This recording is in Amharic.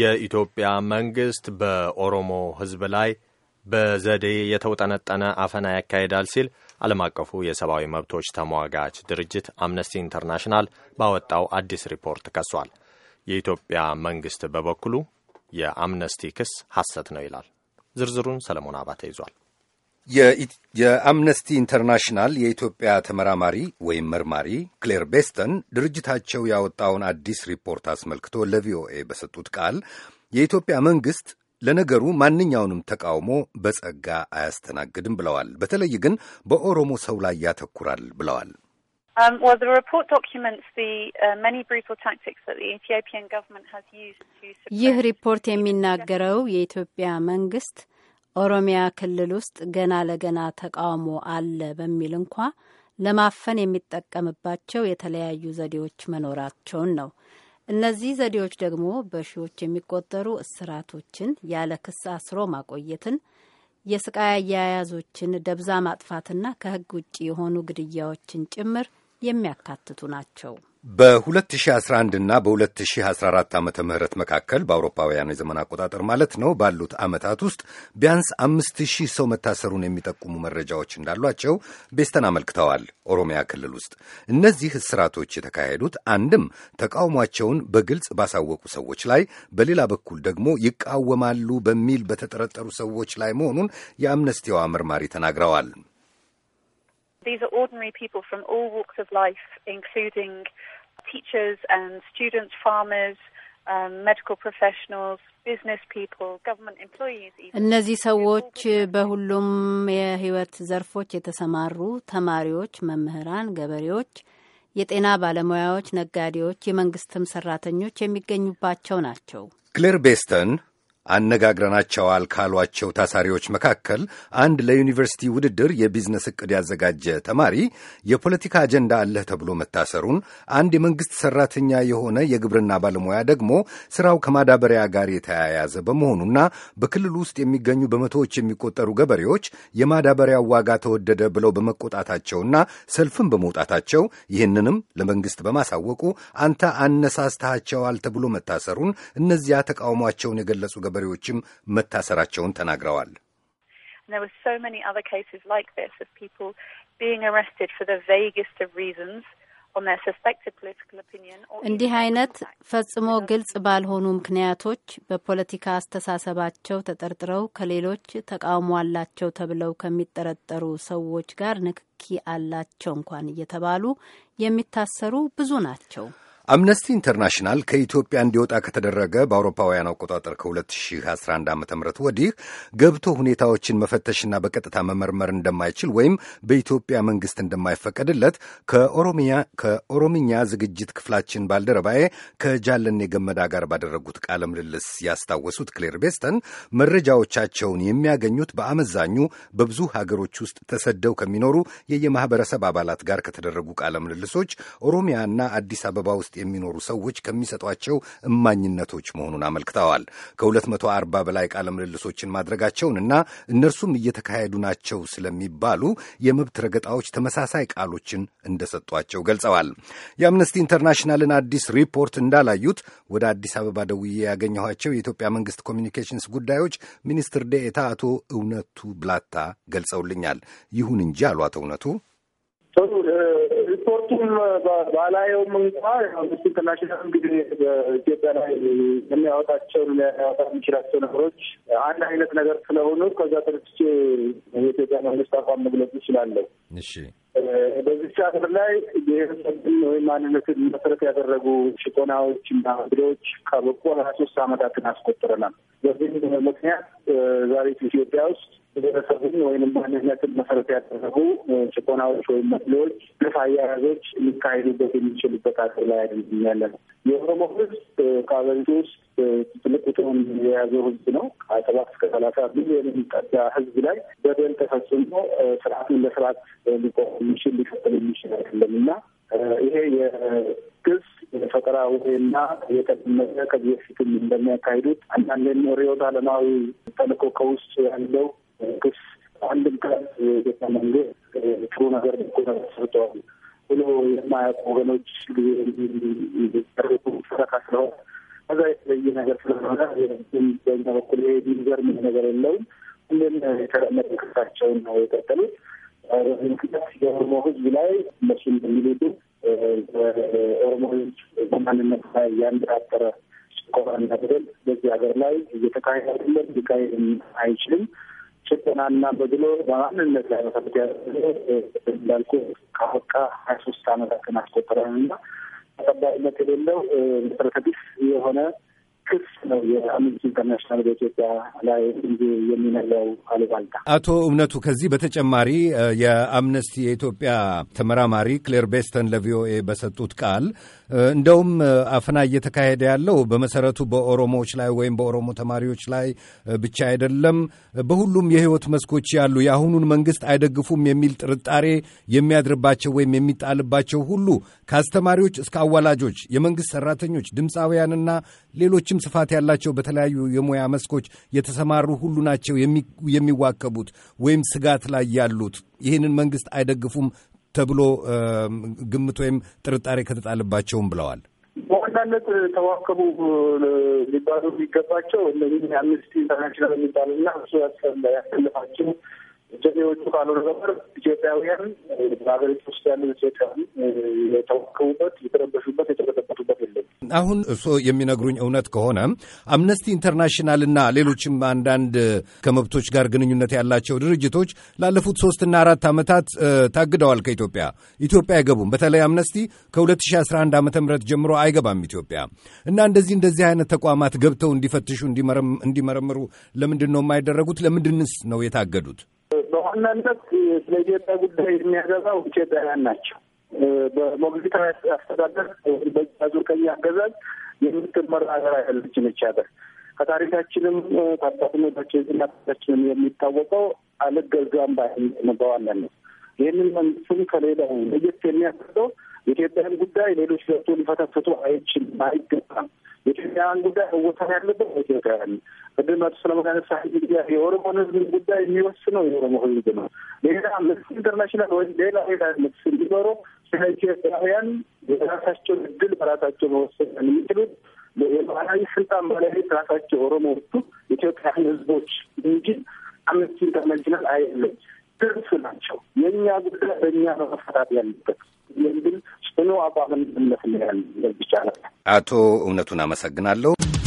የኢትዮጵያ መንግስት በኦሮሞ ሕዝብ ላይ በዘዴ የተውጠነጠነ አፈና ያካሄዳል ሲል ዓለም አቀፉ የሰብአዊ መብቶች ተሟጋች ድርጅት አምነስቲ ኢንተርናሽናል ባወጣው አዲስ ሪፖርት ከሷል። የኢትዮጵያ መንግስት በበኩሉ የአምነስቲ ክስ ሐሰት ነው ይላል። ዝርዝሩን ሰለሞን አባተ ይዟል። የአምነስቲ ኢንተርናሽናል የኢትዮጵያ ተመራማሪ ወይም መርማሪ ክሌር ቤስተን ድርጅታቸው ያወጣውን አዲስ ሪፖርት አስመልክቶ ለቪኦኤ በሰጡት ቃል የኢትዮጵያ መንግስት ለነገሩ ማንኛውንም ተቃውሞ በጸጋ አያስተናግድም ብለዋል። በተለይ ግን በኦሮሞ ሰው ላይ ያተኩራል ብለዋል። um, uh, ይህ ሪፖርት የሚናገረው የኢትዮጵያ መንግስት። ኦሮሚያ ክልል ውስጥ ገና ለገና ተቃውሞ አለ በሚል እንኳ ለማፈን የሚጠቀምባቸው የተለያዩ ዘዴዎች መኖራቸውን ነው። እነዚህ ዘዴዎች ደግሞ በሺዎች የሚቆጠሩ እስራቶችን፣ ያለ ክስ አስሮ ማቆየትን፣ የስቃይ አያያዞችን፣ ደብዛ ማጥፋትና ከህግ ውጭ የሆኑ ግድያዎችን ጭምር የሚያካትቱ ናቸው። በ2011 እና በ2014 ዓ ም መካከል በአውሮፓውያኑ የዘመን አቆጣጠር ማለት ነው ባሉት ዓመታት ውስጥ ቢያንስ አምስት ሺህ ሰው መታሰሩን የሚጠቁሙ መረጃዎች እንዳሏቸው ቤስተን አመልክተዋል። ኦሮሚያ ክልል ውስጥ እነዚህ እስራቶች የተካሄዱት አንድም ተቃውሟቸውን በግልጽ ባሳወቁ ሰዎች ላይ፣ በሌላ በኩል ደግሞ ይቃወማሉ በሚል በተጠረጠሩ ሰዎች ላይ መሆኑን የአምነስቲዋ መርማሪ ተናግረዋል። These are ordinary people from all walks of life, including teachers and students, farmers, um, medical professionals, business people, government employees. እነዚህ ሰዎች በሁሉም የህይወት ዘርፎች የተሰማሩ ተማሪዎች፣ መምህራን፣ ገበሬዎች፣ የጤና ባለሙያዎች፣ ነጋዴዎች፣ የመንግስትም ሰራተኞች የሚገኙባቸው ናቸው። ክሌር ቤስተን አነጋግረናቸዋል ካሏቸው ታሳሪዎች መካከል አንድ ለዩኒቨርሲቲ ውድድር የቢዝነስ እቅድ ያዘጋጀ ተማሪ የፖለቲካ አጀንዳ አለህ ተብሎ መታሰሩን፣ አንድ የመንግሥት ሠራተኛ የሆነ የግብርና ባለሙያ ደግሞ ሥራው ከማዳበሪያ ጋር የተያያዘ በመሆኑና በክልሉ ውስጥ የሚገኙ በመቶዎች የሚቆጠሩ ገበሬዎች የማዳበሪያ ዋጋ ተወደደ ብለው በመቆጣታቸውና ሰልፍን በመውጣታቸው ይህንንም ለመንግሥት በማሳወቁ አንተ አነሳስተሃቸዋል ተብሎ መታሰሩን እነዚያ ተቃውሟቸውን የገለጹ አስተባባሪዎችም መታሰራቸውን ተናግረዋል። እንዲህ አይነት ፈጽሞ ግልጽ ባልሆኑ ምክንያቶች በፖለቲካ አስተሳሰባቸው ተጠርጥረው ከሌሎች ተቃውሞ አላቸው ተብለው ከሚጠረጠሩ ሰዎች ጋር ንክኪ አላቸው እንኳን እየተባሉ የሚታሰሩ ብዙ ናቸው። አምነስቲ ኢንተርናሽናል ከኢትዮጵያ እንዲወጣ ከተደረገ በአውሮፓውያን አቆጣጠር ከ2011 ዓ ም ወዲህ ገብቶ ሁኔታዎችን መፈተሽና በቀጥታ መመርመር እንደማይችል ወይም በኢትዮጵያ መንግስት እንደማይፈቀድለት ከኦሮምኛ ዝግጅት ክፍላችን ባልደረባዬ ከጃለኔ ገመዳ ጋር ባደረጉት ቃለ ምልልስ ያስታወሱት ክሌር ቤስተን መረጃዎቻቸውን የሚያገኙት በአመዛኙ በብዙ ሀገሮች ውስጥ ተሰደው ከሚኖሩ የየማህበረሰብ አባላት ጋር ከተደረጉ ቃለ ምልልሶች ኦሮሚያና አዲስ አበባ ውስጥ የሚኖሩ ሰዎች ከሚሰጧቸው እማኝነቶች መሆኑን አመልክተዋል። ከ240 በላይ ቃለ ምልልሶችን እና እነርሱም እየተካሄዱ ናቸው ስለሚባሉ የመብት ረገጣዎች ተመሳሳይ ቃሎችን እንደሰጧቸው ገልጸዋል። የአምነስቲ ኢንተርናሽናልን አዲስ ሪፖርት እንዳላዩት ወደ አዲስ አበባ ደውዬ ያገኘኋቸው የኢትዮጵያ መንግስት ኮሚኒኬሽንስ ጉዳዮች ሚኒስትር ዴኤታ አቶ እውነቱ ብላታ ገልጸውልኛል። ይሁን እንጂ አሏት እውነቱ ሪፖርቱም ባላየውም እንኳ አምነስቲ ኢንተርናሽናል እንግዲህ በኢትዮጵያ ላይ የሚያወጣቸውን ሊያወጣ የሚችላቸው ነገሮች አንድ አይነት ነገር ስለሆኑ ከዛ ተነስቼ የኢትዮጵያ መንግስት አቋም መግለጽ ይችላለሁ። እሺ፣ በዚህ ሀገር ላይ ብሔረሰብን ወይም ማንነትን መሰረት ያደረጉ ሽቆናዎች እና ግዶች ካበቁ ሀያ ሶስት አመታትን አስቆጥረናል። በዚህም ምክንያት ዛሬ ኢትዮጵያ ውስጥ ብሔረሰቡን ወይም ማንነትን መሰረት ያደረጉ ጭቆናዎች ወይም መድሎዎች፣ ግፍ አያያዞች ሊካሄዱበት የሚችሉበት አቅር ላይ አይደለም ያለ ነው። የኦሮሞ ህዝብ ከአገሪቱ ውስጥ ትልቅ ቁጥሩን የያዘው ሕዝብ ነው። ከሰባት እስከ ሰላሳ ሚሊዮን የሚጠጋ ህዝብ ላይ በደል ተፈጽሞ ስርዓቱን ለስርዓት ሊቆም የሚችል ሊቀጥል የሚችል አይደለም እና ይሄ የግስ የፈጠራ ውሄና የቀደመ ከዚህ በፊትም እንደሚያካሂዱት አንዳንድ ርዕዮተ አለማዊ ተልዕኮ ከውስጥ ያለው ክስ አንድም ቀን የኢትዮጵያ መንግስት ጥሩ ነገር ሰርተዋል ብሎ የማያውቁ ወገኖች ጊዜ የሚደረጉ ሰረካ ስለሆነ ከዛ የተለየ ነገር ስለሆነ በኛ በኩል የሚገርም ነገር የለውም። ሁሌም የተለመደ ክሳቸውን ነው የቀጠሉት። በዚህ ምክንያት የኦሮሞ ህዝብ ላይ እነሱ እንደሚሉት ኦሮሞ ህዝብ በማንነት ላይ ያንደራጠረ ጭቆናና በደል በዚህ ሀገር ላይ እየተካሄደ አይደለም፣ ሊካሄድ አይችልም። ጭቆናና በድሎ በማንነት ላይ መሰረት እንዳልኩ ከበቃ ሀያ ሶስት አመታትን አስቆጠረን እና ተቀባይነት የሌለው መሰረተ ቢስ የሆነ ክስ ነው የአምነስቲ ኢንተርናሽናል በኢትዮጵያ ላይ የሚነለው አሉባልታ። አቶ እምነቱ ከዚህ በተጨማሪ የአምነስቲ የኢትዮጵያ ተመራማሪ ክሌር ቤስተን ለቪኦኤ በሰጡት ቃል እንደውም አፈና እየተካሄደ ያለው በመሰረቱ በኦሮሞዎች ላይ ወይም በኦሮሞ ተማሪዎች ላይ ብቻ አይደለም፣ በሁሉም የህይወት መስኮች ያሉ የአሁኑን መንግስት አይደግፉም የሚል ጥርጣሬ የሚያድርባቸው ወይም የሚጣልባቸው ሁሉ ከአስተማሪዎች እስከ አዋላጆች፣ የመንግስት ሰራተኞች፣ ድምፃውያንና ሌሎችም ረጅም ስፋት ያላቸው በተለያዩ የሙያ መስኮች የተሰማሩ ሁሉ ናቸው የሚዋከቡት ወይም ስጋት ላይ ያሉት። ይህንን መንግስት አይደግፉም ተብሎ ግምት ወይም ጥርጣሬ ከተጣለባቸውም ብለዋል። በዋናነት ተዋከቡ ሊባሉ የሚገባቸው እነዚህ አምነስቲ ኢንተርናሽናል የሚባሉና እሱ ያሰለፋቸው ጀኔዎቹ ካልሆነ ነበር ኢትዮጵያውያን በሀገሪቱ ውስጥ ያሉ ኢትዮጵያውያን የተዋከቡበት፣ የተረበሹበት፣ የተበጠበጡበት አሁን እርስዎ የሚነግሩኝ እውነት ከሆነ አምነስቲ ኢንተርናሽናልና ሌሎችም አንዳንድ ከመብቶች ጋር ግንኙነት ያላቸው ድርጅቶች ላለፉት ሶስትና አራት ዓመታት ታግደዋል ከኢትዮጵያ። ኢትዮጵያ አይገቡም። በተለይ አምነስቲ ከ2011 ዓ ም ጀምሮ አይገባም ኢትዮጵያ እና እንደዚህ እንደዚህ አይነት ተቋማት ገብተው እንዲፈትሹ እንዲመረምሩ ለምንድን ነው የማይደረጉት? ለምንድንስ ነው የታገዱት? በዋናነት ስለ ኢትዮጵያ ጉዳይ የሚያገባው ኢትዮጵያውያን ናቸው። በሞግዚታዊ አስተዳደር በዙር ቀኝ አገዛዝ የምትመራ ሀገር ያለች ይህች ሀገር። ከታሪካችንም ከአባቶቻችን እናቶቻችንም የሚታወቀው አልገዛም ባይ በዋናነት። ይህንን መንግስትም ከሌላው ለየት የሚያደርገው የኢትዮጵያን ጉዳይ ሌሎች ገብቶ ሊፈተፍቱ አይችልም፣ አይገባም። የኢትዮጵያን ጉዳይ እወሰን ያለበት ኢትዮጵያውያን ቅድም አቶ ሰለሞን ያነሳ የኦሮሞን ህዝብ ጉዳይ የሚወስነው የኦሮሞ ህዝብ ነው። ሌላ ምስ ኢንተርናሽናል ወይም ሌላ ሌላ ምስ እንዲኖረው ስለ ኢትዮጵያውያን የራሳቸውን እድል በራሳቸው መወሰን የሚችሉት የባህላዊ ስልጣን ባለቤት ራሳቸው ኦሮሞዎቹ ኢትዮጵያን ህዝቦች እንጂ አምነስቲ ኢንተርናሽናል አይደለም። ትርፍ ናቸው። የእኛ ጉዳይ በእኛ መፈታት ያለበት የሚል ጽኑ አቋምን እምነት ያለ ይቻላል። አቶ እውነቱን አመሰግናለሁ።